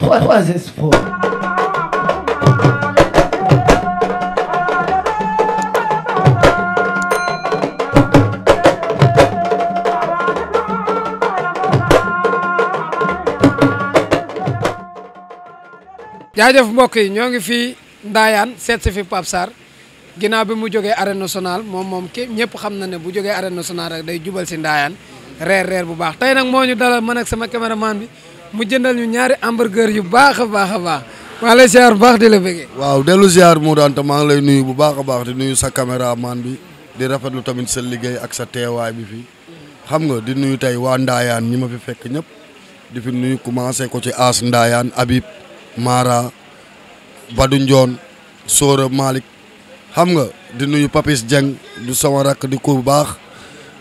trois mbokk yi ñoo ngi fi Ndayane seet si fi Pape Sarr bi mu jógee arène nationale moom moom képp ñëpp xam na ne bu jógee arène nationale rek day jubal si ndaayaan reer reer bu baax tey nag moo ñu dalal man ak sama caméraman bi mu jëndal ñu ñaari hamburger yu baax a baax a baax maa lay ziar baax di la waaw dellu ziar mu daan te maa ngi lay nuyu bu baax a baax di nuyu sa caméraman bi di rafetlu tamit sa liggéey ak sa teewaay bi fii xam nga di nuyu tey waa Ndaayaan ñi ma fi fekk ñëpp di fi nuyu commencé ko ci As Ndaayaan abib Mara badu njoon Sora Malick xam nga di nuyu Papis Dieng du sama rakk di ko bu baax.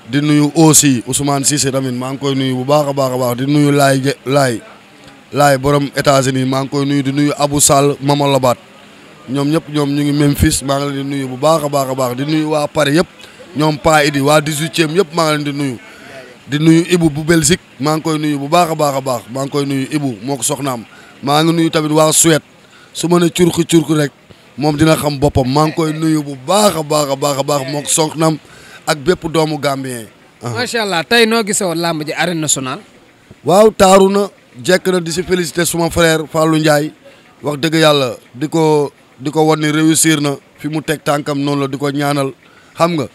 di nuyu aussi Ousmane Cissé tamit maa ngi koy nuyu bu baax a baax a baax di nuyu Laay Laay Laay borom États-Unis maa ngi koy nuyu di nuyu abu Sall Mama Labaat ñoom ñëpp ñoom ñu ngi Memphis maa ngi leen di nuyu bu baax a baax a baax di nuyu waa Paris yëpp ñoom Paa Idi waa 18e yëpp maa ngi leen di nuyu. di nuyu Ibu bu Belgique maa ngi koy nuyu bu baax a baax a baax maa ngi koy nuyu Ibu moo ko soxnaam maa ngi nuyu tamit waa Suède su ma ne curku curku rek moom dina xam boppam maa ngi koy nuyu bu baax a baax baax a baax moo ko soxnaam ak bépp doomu Gambien. macha allah tey noo gisee woon làmb ji arène national waaw taaru na jekk na di si féliciter suma frère Fallou Ndiaye wax dëgg yàlla di ko di ko wan ni réussir na fi mu teg tànkam noonu la di ko ñaanal xam nga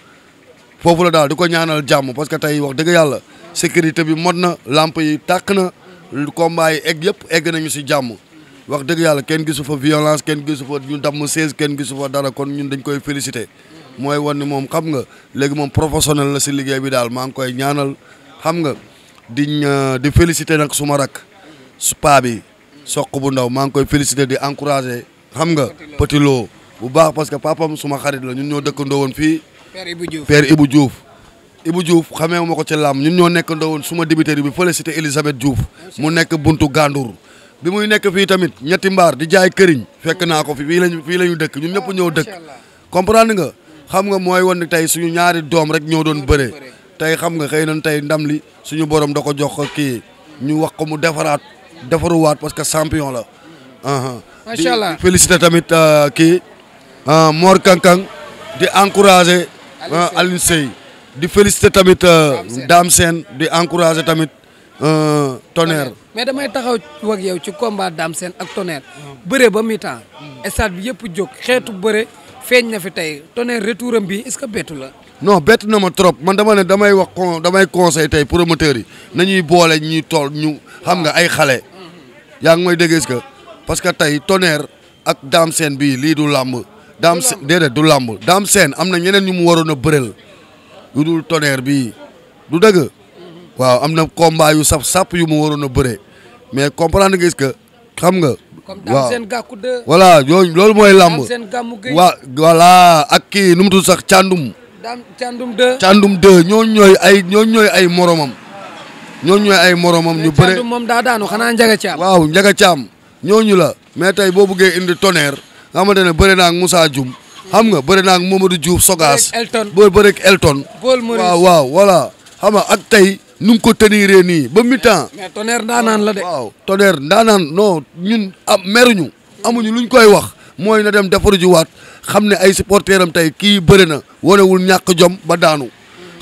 foofu la daal di ko ñaanal jàmm parce que tey wax dëgg yàlla sécurité bi mot na lamp yi tàkk na combat yi egg yëpp egg nañu si jàmm. wax dëgg yàlla kenn gisu fa violence kenn gisu fa ñu damm 16 kenn gisu fa dara kon ñun dañ koy féliciter mooy wan ni moom xam nga léegi moom professionnel la si liggéey bi daal maa ngi koy ñaanal xam nga di euh, di féliciter nag suma rak spa bi soq bu ndaw maa ngi koy féliciter di encourager xam nga petit loo bu baax parce que papam suma xarit la ñun ñoo dëkkandoo woon fii. père Ibou Diouf père Ibou Diouf. Ibou Diouf xamee ma ko ñun ñoo nekkandoo woon suma dibiteri bi féliciter Elisabeth Diouf mu nekk buntu Gandour. bi muy nekk fii tamit ñetti mbaar di jaay këriñ fekk naa ko fi fii lañu fii la ñu dëkk ñu ñëpp ñoo dëkk comprendre nga. xam nga mooy woon tey suñu ñaari doom rek ñoo doon bëree tey xam nga xëy na tey ndam li suñu borom da ko jox kii ñu wax ko mu defaraat defaruwaat parce que sampion la. macha allah di félicité tamit euh, kii euh, Mor Kankang di encouragé. Alioune Seye euh, di félicité tamit Dame Sène di encouragé tamit Tonnerre. mais damay taxaw wak yow ci combat Dame seen ak Tonnerre. bëre ba mi temps hmm. stade bi yëpp jóg xeetu bëre. feeñ na fi tey Tonnerre retour am bi est-ce la. non bett na ma trop man dama ne damay wax con damay conseil tey promoteurs yi ñuy boole ñuy tool ñu xam nga ay xale. yaa ngi may dégg est parce que tey Tonnerre ak Dame Sène bii lii du làmb. Dame Sène du làmb Dame Sène am na ñeneen ñu mu waroon a bëreel yu dul Tonnerre bii du dëgg. Mm-hmm. waaw am na combat yu sap sap yu mu waroon a bëree mais comprendre nga est xam nga. waaw seen gàkku de. loolu mooy làmb seen gàmmu gay waaw ak kii nu mu tudd sax càndum daam càndum de càndum de ñooñu ñooy ay ñooñu ñooy ay moromam ñooñu ñooy ay moromam ñu bëre moom daa daanu xanaa njaga caam waaw ñooñu la mais tey boo buggee indi tonnerre nga xamante ne bëri naa ak Moussa xam nga bëri naa ak Mamadou Diouf Sogaas boo bëri ak Elton waaw waaw voilà xam ak tey nu ngi ko teniree nii ba mi temps. mais tonnerre ndaanaan la de. waaw tonnerre ndaanaan non ñun am meruñu. amuñu lu luñ koy wax mooy na dem defaru waat xam ne ay supporteurs am tey kii bëri na wanewul ñàkk jom ba daanu.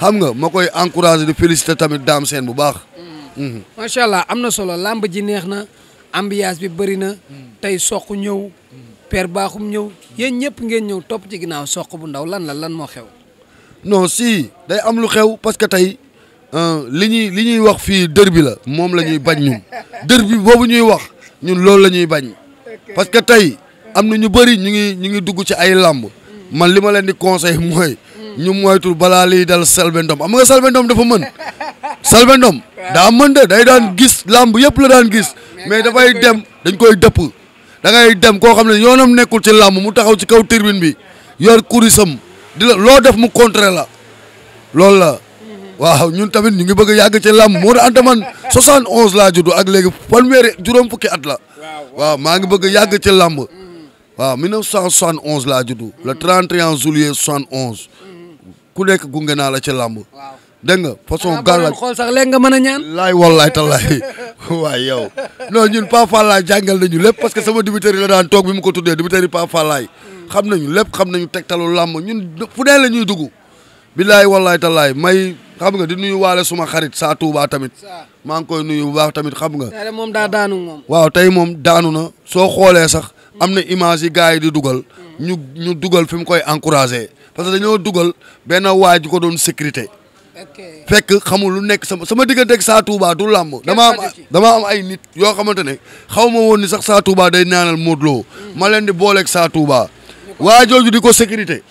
xam nga ma koy encouragé di félicité tamit daam seen bu baax. Mm. macha allah am na solo làmb ji neex na ambiance bi bëri na tey soq ñëw per baaxum ñëw yéen ñëpp ngeen ñëw topp ci ginnaaw soq bu ndaw lan la lan moo xew. non si day am lu xew parce tey li ñuy li ñuy wax fii dër bi la moom la ñuy bañ ñun dër bi boobu ñuy wax ñun loolu la ñuy bañ parce que tey am na ñu bëri ñu ngi ñu ngi dugg ci ay làmb man li ma leen di conseil mooy ñu moytu balaa liy dal Selbé Ndom am nga Selbé dafa mën Selbé Ndom daa mën de day daan gis làmb yëpp la daan gis mais dafay dem dañ koy dëpp da ngay dem koo xam ne yoonam nekkul ci làmb mu taxaw ci kaw tirbine bi yor kurisam di la loo def mu contre la loolu la waaw ñun tamit ñu ngi bëgg a yàgg ci làmb moo tax anta man 71 laa juddu ak léegi fanweeri juróom fukki at la waaw maa ngi bëgg yàgg ci làmb waaw 1971 laa juddu mm-hmm. le 31 juillet 71 mm-hmm. ku nekk gunge naa la ci làmb dégg nga façon gàllankoor xool sax léegi nga mën a ñaan. laay wallaay tallaay waay yow non ñun Paa Fallaay jàngal nañu lépp parce que sama dibiteri la daan toog bi mu ko tuddee dibiteri Paa Fallaay mm. xam nañu lépp xam nañu tegtalu làmb ñun fu dee la ñuy dugg billaay wallaay tallaay may. xam nga di nuyu waale suma xarit saa Touba tamit maa ngi koy nuyu bu baax tamit xam nga. tey moom daa daanu moom. waaw tey moom daanu na soo xoolee sax am na image yi gars yi di dugal. ñu ñu dugal fi mu koy encouragé parce que dañoo dugal benn waay ji ko doon sécurité. fekk xamul lu nekk sama sama diggante ak saa Touba du làmb dama am dama am ay nit yoo xamante ne xaw ma woon ni sax saa Touba day naanal Modou ma leen di booleeg saa Touba waa jooju di ko sécurité.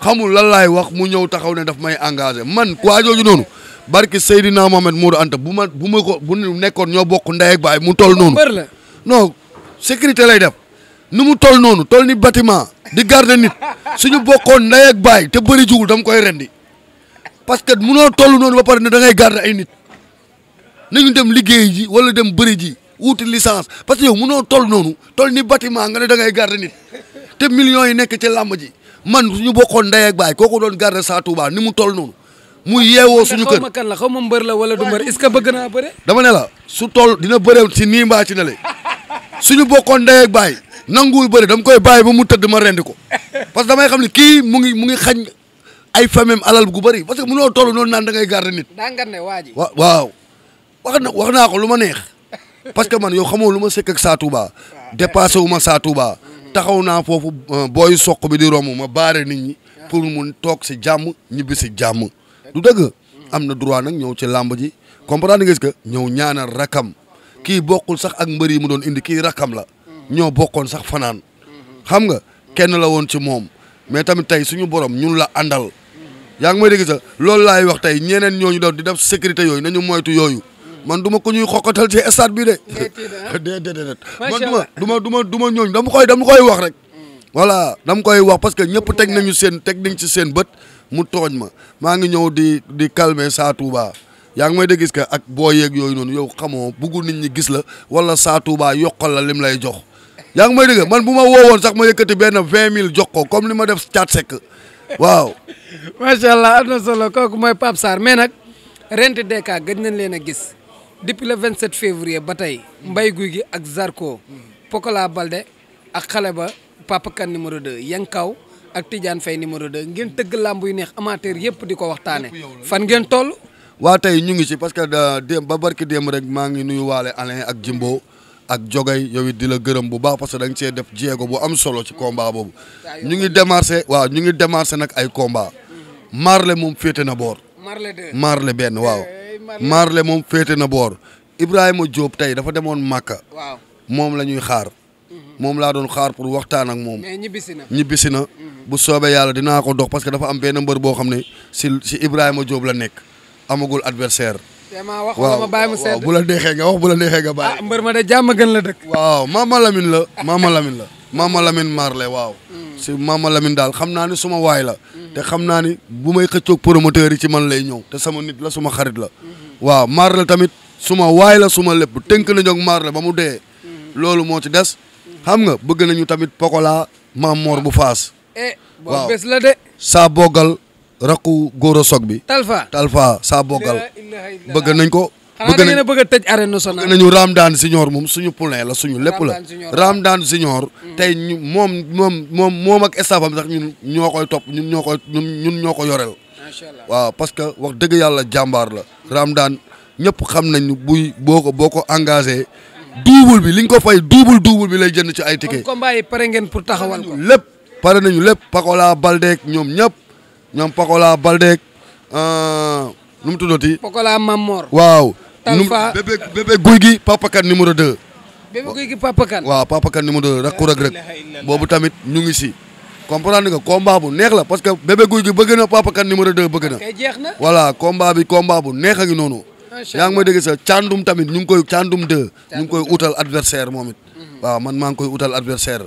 xamul lan laay wax mu ñëw taxaw ne daf may engagé man waa jooju na barki Seydina Mohamed Mourou Anta bu ma bu ma ko bu nekkoon ñoo bokk ndey ak baay mu toll noonu. non sécurité lay def nu mu toll noonu toll ni bâtiment di garder nit suñu bokkoon ndey ak baay te bëri jugul dam koy rendi parce que munoo toll noonu ba pare ne da ngay garder ay nit nañu dem liggéey ji wala dem bëri ji wuti licence parce que yow munoo toll noonu toll ni bâtiment nga ne dangay ngay garder te millions yi nekk ci làmb ji. man suñu bokkoon ndey ak baay kooku doon garder Sa Touba ni mu toll noonu mu yeewoo suñu kër kan la xaw ma mbër la wala du mbër ce que bëgg naa bëre dama ne la su tol dina bëre ci nii mbaa ci ne le suñu bokkoon ndey ak baay nanguwul bëri dama koy bàyyi ba mu tëdd ma rendi ko parce que damay xam ne kii mu ngi mu ngi xañ ay famem alal gu bëri parce que mu mënoo toll noonu naan da ngay garder nit dangan waa ji wa waaw wax na wax naa ko lu ma neex parce que man yow xamoo lu ma sekk saatu Sa Touba dépassé wu ma taxaw naa foofu euh, booy soq bi di romb ma baare nit ñi pour mun toog si jàmm ñibbi si jàmm du dëgg am na droit nag ñëw ci làmb ji comprendre nga que ñëw ñaanal rakam kii bokkul sax ak mbër yi mu doon indi kii rakam la ñoo bokkoon sax fanaan xam nga kenn la woon ci moom mais tamit tey suñu borom ñun la àndal yaa ngi may dégg sax loolu laay wax tey ñeneen ñooñu doon di def sécurité yooyu nañu moytu yooyu man du ma ko ñuy xoqatal ci stade bi de. déedéet man du ma du ma du ma du ma ñooñ dama koy dama koy wax rek. Hmm. voilà dama koy wax parce que ñëpp teg nañu seen teg nañ ci seen bët mu tooñ ma maa ngi ñëw di di calmer Sa Touba yaa ngi may de gis que ak boo yeeg yooyu noonu yow xamoo buggu nit ñi gis la wala Sa Touba yokkal la lim lay jox. yaa ngi may dëgg man bu ma woowoon sax ma yëkkati benn vingt mille jox ko comme li ma def caat sekk waaw. macha allah am na solo kooku mooy Pape Sarr mais nag rent DK gëj nañ leen a gis. depuis le 27 février ba tey Mbaye Gouy Gui ak Zarko Pokola Balde ak xale ba Papa Kane numéro 2 Yankaw ak Tidiane Faye numéro 2 ngeen tëgg làmb yu neex amateur yëpp di ko waxtaane fan ngeen toll waa tey ñu ngi ci parce que euh, démb ba barki démb rek maa ngi nuyu waale Alain ak Jimbo ak jogay yow it di la gërëm bu baax parce que da nga see def jéego bu am solo ci combat boobu ñu ngi démarché waa ñu ngi démarché nag ay combat mhm. Marley moom féete na boor Marley benn waaw eh. Marley moom féete na boor Ibrahima jóob tey dafa demoon Màkka. waaw moom la ñuy xaar. Mhm. moom laa doon xaar pour waxtaan ak moom. mais ñibbisi na ñibbisi na. Mhm. bu soobee yàlla dinaa ko dox parce que dafa am benn mbër boo xam ne si si Ibrahima Diop la nekk amagul adversaire. vraiment wax nga la neexee nga wax bu la neexee nga bàyyi. ah mbër ma de jàmm gën la dëkk. waaw Mama Lamine la Mama Lamine la. Mama Lamine Marley waaw. Hmm. si Mama Lamine daal xam naa ni suma waay la. Hmm. te xam naa ni bu may pour promoteur yi ci man lay ñëw te sama nit la suma xarit la. Hmm. waaw Marley tamit suma waay la suma lépp tënk nañu ak Marley ba mu dee. loolu moo ci des. xam nga bëgg nañu tamit Pokola maam Mor bu Faas. Eh, waaw bés la de. saa boggal rakku góor a soog bi. Talfa Talfa saa boggal bëgg nañ ko. xanaa da ngeen a bëgg a tëj arène nationale nañu Ramdan Senior moom suñu poulain la suñu lépp la daan Senior mm. tey ñu moom moom moom moom ak staffam sax ñun ñoo koy topp ñun ñoo koy ñun ñoo ko yoreel waaw parce que wax dëgg yàlla jàmbaar la Ramdan ñëpp xam nañ buy boo ko boo ko engagé duubul bi li nga ko fay duubul duubul bi lay jënd ci ay ticket combat pare ngeen pour taxawal ko lépp pare nañu lépp Pakola Baldeek ñoom ñëpp ñoom Pakola Baldeek euh, nu mu tuddati waaw Talfa bébé bébé guy gi Papa Kane numéro 2. bébé guy gi Papa Kane waaw Papa Kane numéro boobu tamit ñu ngi si. comprendre nga combat bu neex la parce que bébé guy gi bëgg na Papa Kane numéro 2 bëgg na. jeex na bi komba bu neex a ngi noonu. yaa ngi ma dégg sa càndum tamit ñu ngi koy càndum 2. ñu ngi koy utal adversaire moom it. Mhm. man maa ngi koy utal adversaire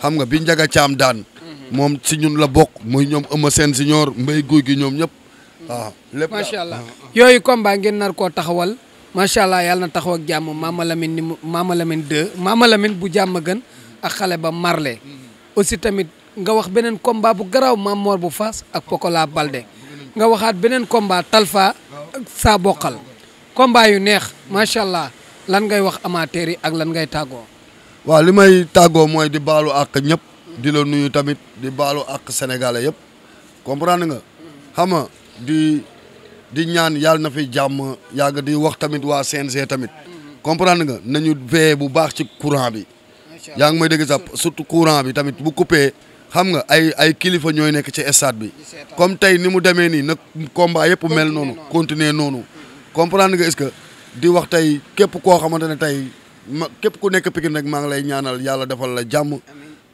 xam nga bi Njaga Caam daan. Mhm. moom si ñun la bokk muy ñoom Eumeu Sène Junior Mbaye Guy gi ñoom ñëpp waaw lépp macha allah yooyu combat ngeen nar koo taxawal macha allah yàlla na taxaw ak jàmm Mama Lamine ni mu Mama Lamine 2 bu jàmm gën ak xale ba Marley. aussi tamit nga wax beneen combat bu garaw Mame Mor bu Fass ak Pokola Balde nga waxaat beneen combat Talfa ak saa bokkal yu neex macha allah lan ngay wax amateur yi ak lan ngay tàggoo. waaw li may tàggoo mooy di baalu àq ñëpp di la nuyu tamit di baalu àq sénégalais yëpp comprendre nga xam di. di ñaan yàlla na fi jàmm yàgg di wax tamit waa CNG tamit comprendre nga nañu veillé bu baax ci courant bi yaa ngi may dégg sax surtout courant bi tamit bu coupé xam nga ay ay kilifa ñooy nekk ci stade bi comme tey ni mu demee nii nag combat yëpp mel noonu continuer noonu comprendre nga est-ce que di wax tey képp koo xamante ne tey ma képp ku nekk Pikine rek maa ngi lay ñaanal yàlla defal la jàmm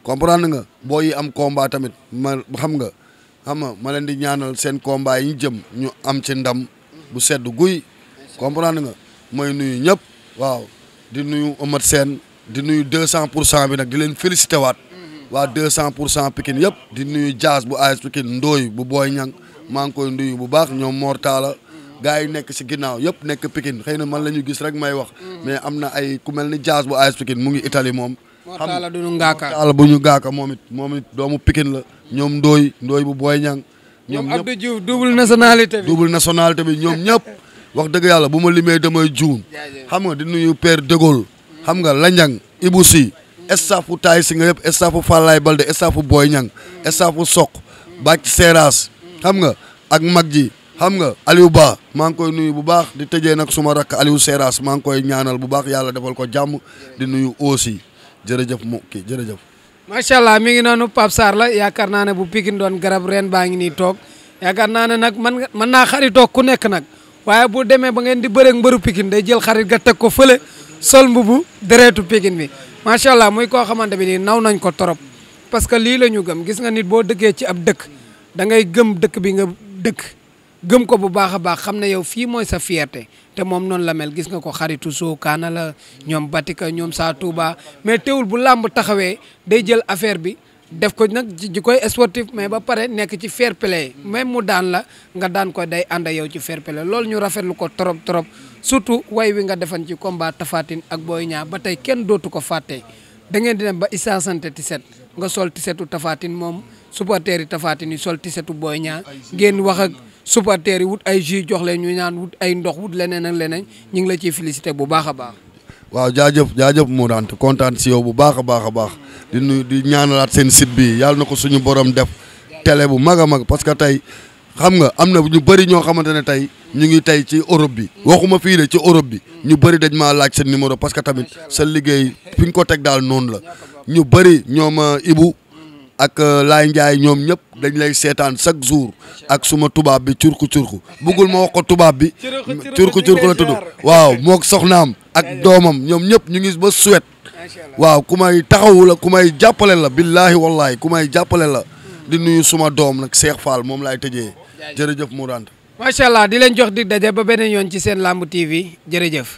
comprendre nga boo am combat tamit ma xam nga xam nga ma leen di ñaanal seen combat yi ñu jëm ñu am ci ndam bu sedd guy comprendre nga mooy nuyu ñëpp waaw di nuyu Eumeu Sène di nuyu deux cent pour cent bi nag di leen félicité waat waa deux cent pour cent Pikine yëpp di nuyu Diaz bu AS Pikine ndooy bu booy Niang maa ngi koy bu baax ñoom Mortala gars yi nekk ci ginnaaw yëpp nekk Pikine xëy na man la ñu gis rek may wax mm. mais am na ay ku mel ni Diaz bu AS Pikine mu ngi Italie moom Mortala duñu ngaaka Mortala bu ñu ngaaka moom it moom doomu Pikine la ñoom Ndoye Ndoye bu Boy Niang ñoom ñëpp Abdou Diouf double nationalité bi ñoom ñëpp wax dëgg bu ma limee damay juum xam nga di nuyu père de Gaulle xam nga Lanjang Ibou Sy staffu Taay si nga yëpp staffu Fallaye Balde staffu Boy Niang staffu Sokh Bac Seras xam nga ak mag ji xam nga Aliou Ba maa ngi koy nuyu bu baax di tëjee nag suma rakk Aliou Seras maa ngi koy ñaanal bu baax yàlla defal ko jàmm di nuyu aussi jërëjëf mu jërëjëf. macha allah mi ngi noonu Pape saar la yaakaar naa ne bu Pikine doon garab ren baa ngi nii toog yaakaar naa ne nag man mën naa xaritoo ku nekk nag waaye bu demee ba ngeen di bëreeg mbëru pikin day jël xarit ga teg ko fële sol mbubu dereetu Pikine bi macha allah muy koo xamante bi nii naw nañ ko torop parce que lii la ñu gëm gis nga nit boo dëkkee ci ab dëkk da ngay gëm dëkk bi nga dëkk. gëm ko bu baax a baax xam ne yow fii mooy sa fierté te moom noonu la mel gis nga ko xaritu sookaana la ñoom Batika ñoom saa Touba mais teewul bu làmb taxawee day jël affaire bi def ko nag ji koy sportif mais ba pare nekk ci fair play même mu daan la nga daan ko day ànd yow ci fair play loolu ñu rafetlu ko trop trop surtout way wi nga defan ci combat tafaatin ak Boy Niang ba tey kenn dootu ko fàtte da ngeen di dem ba Issa Santé tiset nga sol tisetu Tafatine moom supporters yi Tafatine yi sol tisetu Boy Niang ngeen wax ak. supporters yi wut ay jus jox leen ñu naan wut ay ndox wut leneen ak leneen ñu ngi la ciy félicité bu baax a baax. waaw jaajëf jaajëf moo daan kontaan si yow bu baax a baax a baax di nuyu di ñaanalaat seen sit bi yàlla na ko suñu boroom def tele bu mag a mag parce que tey xam nga am na ñu bëri ñoo xamante ne tey ñu ngi tey ci Europe bi waxuma fii ci Europe bi ñu bëri dañ maa laaj seen numéro parce que tamit sa liggéey fi nga ko teg daal noonu la ñu bëri ñoom Ibou ak euh, Laay Njaay ñoom ñëpp dañ lay seetaan chaque jour ak suma tubaab bi curku curku buggul ma wax ko tubaab bi curku curku la tudd waaw mook soxnaam ak doomam ñoom ñëpp ñu ngi ba suwet waaw ku may taxawu ku may jàppale la billaahi wallaahi ku may jàppale la di nuyu suma doom nag Cheikh Fall moom laay tëjee jërëjëf mu rànd macha allah di leen jox di daje ba beneen yoon ci seen làmb TV jërëjëf